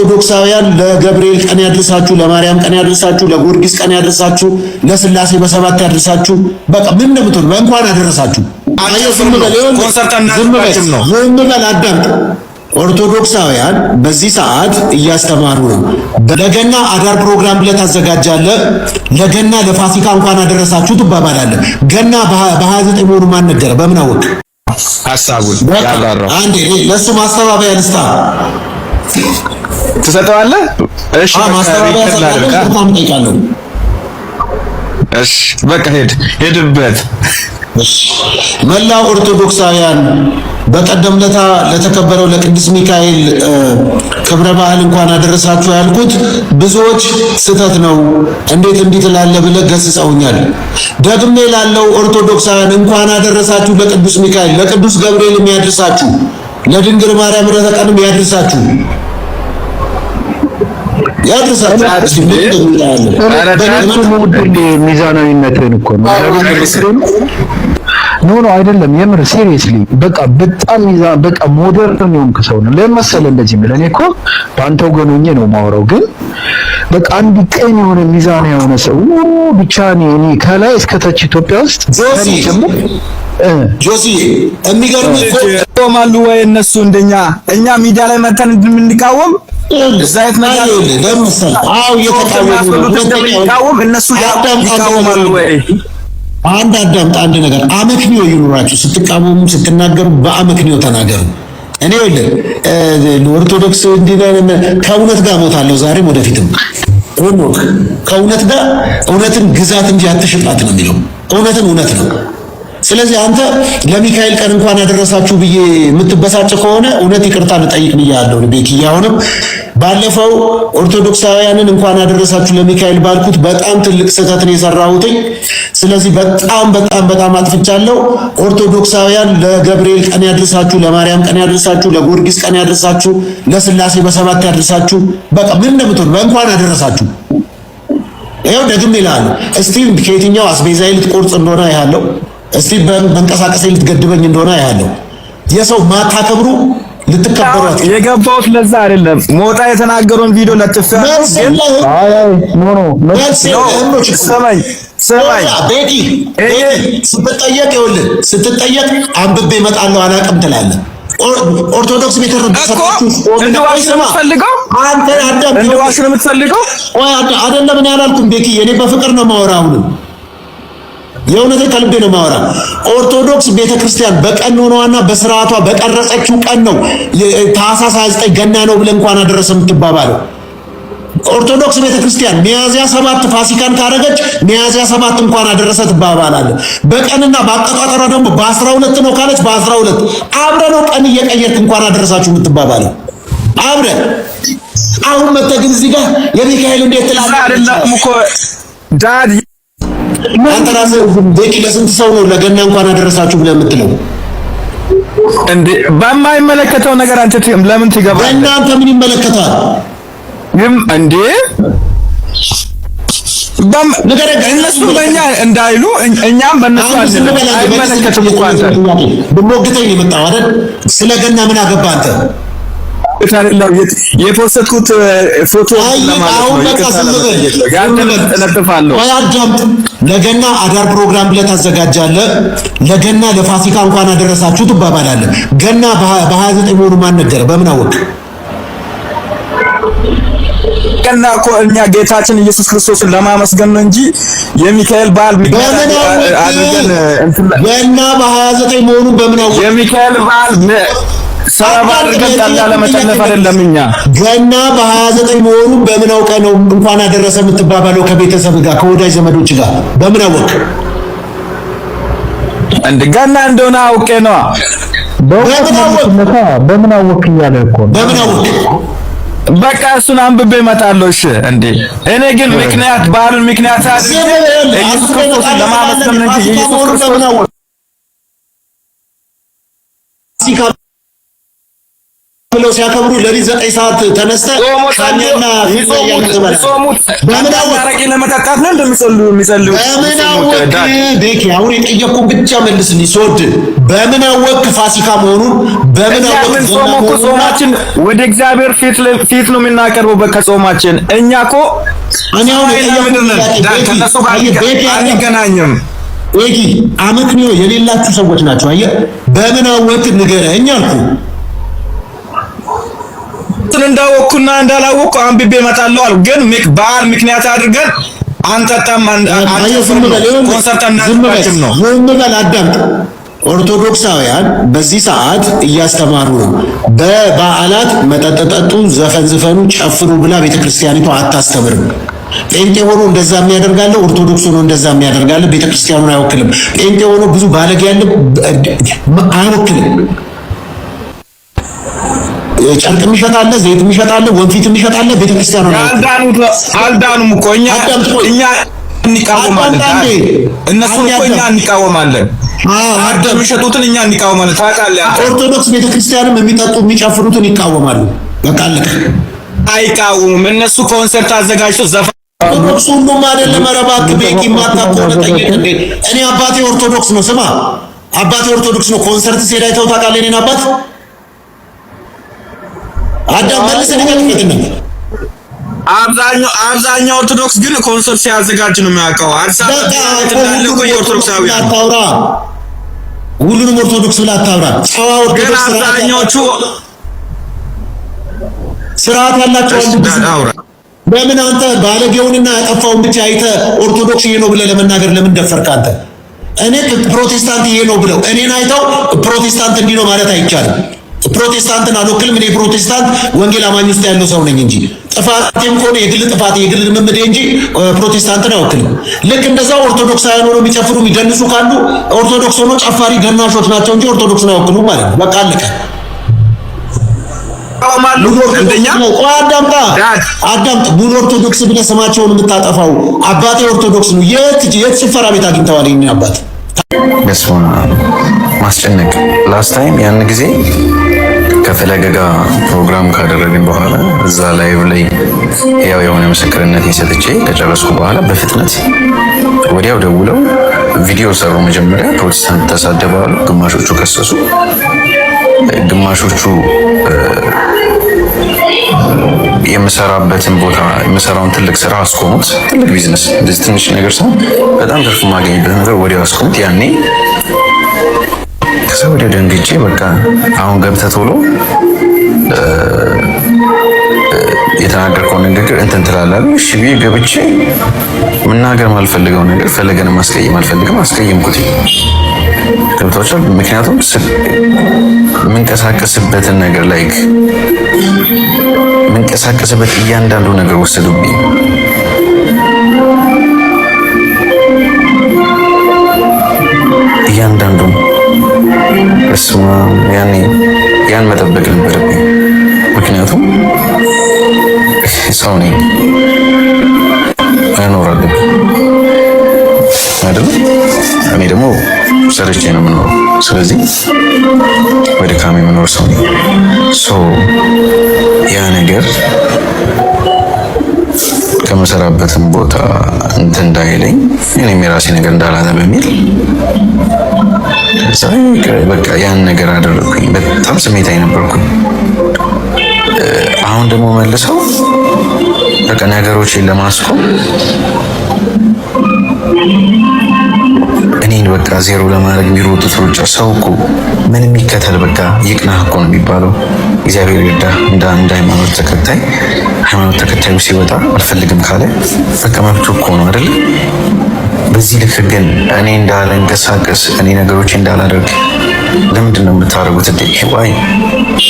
ኦርቶዶክሳውያን ለገብርኤል ቀን ያድርሳችሁ፣ ለማርያም ቀን ያድርሳችሁ፣ ለጊዮርጊስ ቀን ያድርሳችሁ፣ ለስላሴ በሰባት ያድርሳችሁ። በቃ ምን እንደምትሆን እንኳን አደረሳችሁ። ዝም በል ዝም በል አዳምጥ። ኦርቶዶክሳውያን በዚህ ሰዓት እያስተማሩ ነው። ለገና አዳር ፕሮግራም ብለህ ታዘጋጃለህ። ለገና ለፋሲካ እንኳን አደረሳችሁ ትባባላለህ። ገና በ29 መሆኑ ማን ነገረ? በምን አወቅ? ሀሳቡን ያብራራው አንዴ ለሱ ማስተባበያ ልስታ ትሰጠዋለህ? እሺ በቃ ሄድ ሄድበት። መላው ኦርቶዶክሳውያን በቀደምለታ ለተከበረው ለቅዱስ ሚካኤል ክብረ በዓል እንኳን አደረሳችሁ ያልኩት ብዙዎች ስህተት ነው እንዴት እንዲህ ትላለህ ብለህ ገስጸውኛል። ደግሜ ላለው ኦርቶዶክሳውያን እንኳን አደረሳችሁ ለቅዱስ ሚካኤል ለቅዱስ ገብርኤል የሚያደርሳችሁ ለድንግል ማርያም ረተ ቀንም ያድርሳችሁ ያድርሳችሁ። ሚዛናዊነትን እኮ ነው ኖ ኖ አይደለም፣ የምር ሲሪየስሊ በቃ በጣም ይዛ በቃ ሞደርን የሆንክ ሰው ነው። ለምን መሰለህ እንደዚህ የምልህ እኔ እኮ በአንተው ጎን ሆኜ ነው የማወራው፣ ግን በቃ አንድ ቀን የሆነ ሚዛን የሆነ ሰው ብቻ ነው። እኔ ከላይ እስከ ታች ኢትዮጵያ ውስጥ ጆሲ ጆሲ የሚገርምህ ቆማሉ ወይ እነሱ እንደኛ እኛ ሚዲያ ላይ መተን እንድንቃወም ዛይት ነገር ለምን መሰለህ? አዎ እየተቃወሙ ነው። እነሱ ያዳም ይቃወማሉ ወይ አንድ አዳምጥ። አንድ ነገር አመክንዮ ይኑራችሁ። ስትቃወሙ ስትናገሩ በአመክንዮ ተናገሩ። እኔ ወለ ኦርቶዶክስ እንዲነን ከእውነት ጋር ሞታለሁ ዛሬም ወደፊትም። ከእውነት ጋር እውነትን ግዛት እንጂ አትሽጣት ነው የሚለው። እውነትን እውነት ነው ስለዚህ አንተ ለሚካኤል ቀን እንኳን ያደረሳችሁ ብዬ የምትበሳጭ ከሆነ እውነት ይቅርታ ልጠይቅ ብያለሁ። ቤት አሁንም ባለፈው ኦርቶዶክሳውያንን እንኳን ያደረሳችሁ ለሚካኤል ባልኩት በጣም ትልቅ ስህተት ነው የሰራሁትኝ። ስለዚህ በጣም በጣም በጣም አጥፍቻለሁ። ኦርቶዶክሳውያን ለገብርኤል ቀን ያደርሳችሁ ለማርያም ቀን ያደርሳችሁ ለጊዮርጊስ ቀን ያደርሳችሁ ለስላሴ በሰባት ያደርሳችሁ በቃ ምን እንደምትሆን በእንኳን ያደረሳችሁ ይኸው ደግም ይላሉ እስቲ ከየትኛው አስቤዛዬ ልትቆርጽ እንደሆነ ያለው እስቲ መንቀሳቀስ ልትገድበኝ እንደሆነ ያለው የሰው ማታከብሩ ልትከበሯት የገባሁት ለዛ አይደለም። ሞጣ የተናገረውን ቪዲዮ ለጥፋ ስትጠየቅ ይኸውልህ ስትጠየቅ አንብቤ እመጣለሁ አላውቅም ትላለህ። ኦርቶዶክስ ቤተሰብ አደለም። እኔ አላልኩም ቤቲ፣ እኔ በፍቅር ነው የማወራው አሁንም የእውነት ከልቤ ነው ማወራ። ኦርቶዶክስ ቤተክርስቲያን በቀን በቀኖናዋና በስርዓቷ በቀረጸችው ቀን ነው ታኅሳስ 29 ገና ነው ብለን እንኳን አደረሰ የምትባባለው። ኦርቶዶክስ ቤተክርስቲያን ሚያዚያ ሰባት ፋሲካን ካረገች ሚያዚያ ሰባት እንኳን አደረሰ ትባባላለ። በቀንና በአቀጣጠሯ ደግሞ በአስራ ሁለት ነው ካለች በአስራ ሁለት አብረ ነው ቀን እየቀየርክ እንኳን አደረሳችሁ የምትባባለው አብረ። አሁን መተግን እዚህ ጋር የሚካኤል እንዴት ትላለህ? አይደለም እኮ ዳድ አንተ ራስህ ቤቲ ለስንት ሰው ነው ለገና እንኳን አደረሳችሁ ብለህ የምትለው? እንዴ በማይመለከተው ነገር አንተ ለምን ትገባለህ? እናንተ ምን ይመለከታል? ይም እንዴ እነሱ በእኛ እንዳይሉ እኛም በእነሱ አይመለከትም እኮ አንተ ብሞግተኝ የመጣው አይደል? ስለገና ምን አገባ አንተ? ፎቶ ለገና አዳር ፕሮግራም ብለህ ታዘጋጃለህ። ለገና ለፋሲካ እንኳን አደረሳችሁ ትባባላለህ። ገና በሀያ ዘጠኝ መሆኑ ማን ነገረ? በምን አወቅ? ገና እኮ እኛ ጌታችን ኢየሱስ ክርስቶስን ለማመስገን ነው እንጂ የሚካኤል በዓል ገና በሀያ ዘጠኝ መሆኑን በምን አወቅ? የሚካኤል በዓል ሰበብ አድርገን ጣላ ለመጨለፍ አይደለም። እኛ ገና በ29 መሆኑ በምን አውቀ ነው እንኳን አደረሰ የምትባባለው? ከቤተሰብ ጋር ከወዳጅ ዘመዶች ጋር በምን አወቅ? እንደ ገና እንደሆነ አውቄ ነዋ። በምን አወቅ እያለ እኮ በምን አወቅ በቃ እሱን አንብቤ እመጣለሁ። እሺ እንዴ እኔ ግን ምክንያት ባህሉን ምክንያት አድርጌ ኢየሱስ ክርስቶስን ለማመስገን እንጂ ኢየሱስ ክርስቶስ ብለው ሲያከብሩ ለሊት ዘጠኝ ሰዓት ተነስተ ሻኛና ለመጠጣት ነው እንደሚጸልዩ የሚጸልዩ በምን አወቅ? ቤኪ አሁን የጠየቅኩህን ብቻ መልስልኝ። ሶድ በምን አወቅ ፋሲካ መሆኑን በምን አወቅ? ጾማችን ወደ እግዚአብሔር ፊት ነው የምናቀርበው። በቃ ጾማችን እኛ እኮ እኔ አሁን ከእነሱ ጋር ቤኪ አመክንዮ የሌላችሁ ሰዎች ናቸው። አየህ በምን አወቅ ንገረኝ አልኩህ። እንትን እንዳወቅኩና እንዳላወቅኩ አንብቤ እመጣለሁ አሉ። ግን በዓል ምክንያት አድርገን አንጠጣም፣ በል አዳምጥ። ኦርቶዶክሳውያን በዚህ ሰዓት እያስተማሩ ነው። በበዓላት መጠጥ ጠጡ፣ ዘፈን ዝፈኑ፣ ጨፍሩ ብላ ቤተክርስቲያኒቷ አታስተምርም። ጴንጤ ሆኖ እንደዛ የሚያደርጋለ፣ ኦርቶዶክስ ሆኖ እንደዛ የሚያደርጋለ ቤተክርስቲያኑን አይወክልም። ጴንጤ ሆኖ ብዙ ባለግ ያለ አይወክልም። ጨርቅ የሚሸጣለ፣ ዘይት የሚሸጣለ፣ ወንፊት የሚሸጣለ። ቤተክርስቲያኑ አልዳኑም እኮ እኛ እኛ እንቃወማለን። እነሱ እኮ እኛ እንቃወማለን። አዳም የሚሸጡትን እኛ እንቃወማለን። ታውቃለህ፣ ኦርቶዶክስ ቤተክርስቲያንም የሚጠጡ የሚጨፍሩትን ይቃወማሉ። በቃ አለቀ። አይቃወሙም። እነሱ ኮንሰርት አዘጋጅቶ ዘፋ ኦርቶዶክስ ሁሉም አይደለም። ኧረ እባክህ ቤኪ የማታውቀው ጠየቅ እኔ አባቴ ኦርቶዶክስ ነው። ስማ አባቴ ኦርቶዶክስ ነው። ኮንሰርት ሲሄድ አይተኸው ታውቃለህ? እኔን አባት አዳም መልሰልኛ ትፈተናል። አብዛኛው አብዛኛው ኦርቶዶክስ ግን ኮንሰርት ሲያዘጋጅ ነው የሚያውቀው። ኦርቶዶክሳዊ አታውራ፣ ሁሉንም ኦርቶዶክስ ብላ አታውራ። ጨዋ ኦርቶዶክስ አብዛኛዎቹ ስርዓት ያላቸው ለምን አንተ ባለጌውንና ያጠፋውን ብቻ አይተህ ኦርቶዶክስ ይሄ ነው ብለህ ለመናገር ለምን ደፈርክ? አንተ እኔ ፕሮቴስታንት ይሄ ነው ብለው እኔን አይተው ፕሮቴስታንት እንዲህ ነው ማለት አይቻልም። ፕሮቴስታንትን አልወክልም። እኔ ፕሮቴስታንት ወንጌል አማኝ ውስጥ ያለው ሰው ነኝ እንጂ ጥፋቴም ከሆነ የግል ጥፋቴ የግል ልምምዴ እንጂ ፕሮቴስታንትን አይወክልም። ልክ እንደዛ ኦርቶዶክሳውያን ሆኖ የሚጨፍሩ የሚደንሱ ካሉ ኦርቶዶክስ ሆኖ ጨፋሪ ገናሾች ናቸው እንጂ ኦርቶዶክስን አይወክሉም ማለት ነው። በቃ አለቀ። አዳምጣ አዳምጥ። ቡል ኦርቶዶክስ ብለህ ስማቸውን የምታጠፋው አባቴ ኦርቶዶክስ ነው። የት የት ጭፈራ ቤት አግኝተዋል? ይህን አባት ማስጨነቅ ላስት ታይም ያን ጊዜ ፈለገ ጋር ፕሮግራም ካደረግን በኋላ እዛ ላይቭ ላይ ያው የሆነ ምስክርነት ሰጥቼ ከጨረስኩ በኋላ በፍጥነት ወዲያው ደውለው ቪዲዮ ሰሩ። መጀመሪያ ፕሮቴስታንት ተሳደባሉ፣ ግማሾቹ ከሰሱ፣ ግማሾቹ የምሰራበትን ቦታ የምሰራውን ትልቅ ስራ አስቆሙት። ትልቅ ቢዝነስ ትንሽ ነገር ሳይሆን በጣም ትርፍ የማገኝበት ነገር ወዲያው አስቆሙት። ያኔ ከዛ ወደ ደንግጬ በቃ አሁን ገብተ ቶሎ የተናገርከው ንግግር እንትን ትላለህ። እሺ ብዬ ገብቼ መናገር ማልፈልገው ነገር ፈለገን ማስቀየም አልፈልግም፣ አስቀየምኩት። ገብታችኋል? ምክንያቱም የምንቀሳቀስበትን ነገር ላይክ የምንቀሳቀስበት እያንዳንዱ ነገር ወሰዱብኝ። ያን መጠበቅ ነበረብኝ። ምክንያቱም ሰው ነኝ እኖራለሁ አይደለም። እኔ ደግሞ ሰርቼ ነው የምኖረው። ስለዚህ በድካም የምኖር ሰው ነኝ። ሶ ያ ነገር ከምሰራበትም ቦታ እንትን እንዳይለኝ እኔም የራሴ ነገር እንዳላለ በሚል ሳይ በቃ ያን ነገር አደረግኩኝ። በጣም ስሜታዊ ነበርኩኝ። አሁን ደግሞ መልሰው በቃ ነገሮችን ለማስቆም እኔን በቃ ዜሮ ለማድረግ የሚሮጡት ሩጫ። ሰው እኮ ምን የሚከተል በቃ ይቅናህ እኮ ነው የሚባለው። እግዚአብሔር ይርዳ። እንደ አንድ ሃይማኖት ተከታይ ሃይማኖት ተከታዩ ሲወጣ አልፈልግም ካለ በቃ መብቱ እኮ ነው በዚህ ልክ ግን እኔ እንዳልንቀሳቀስ እኔ ነገሮች እንዳላደርግ ለምንድን ነው የምታደርጉት?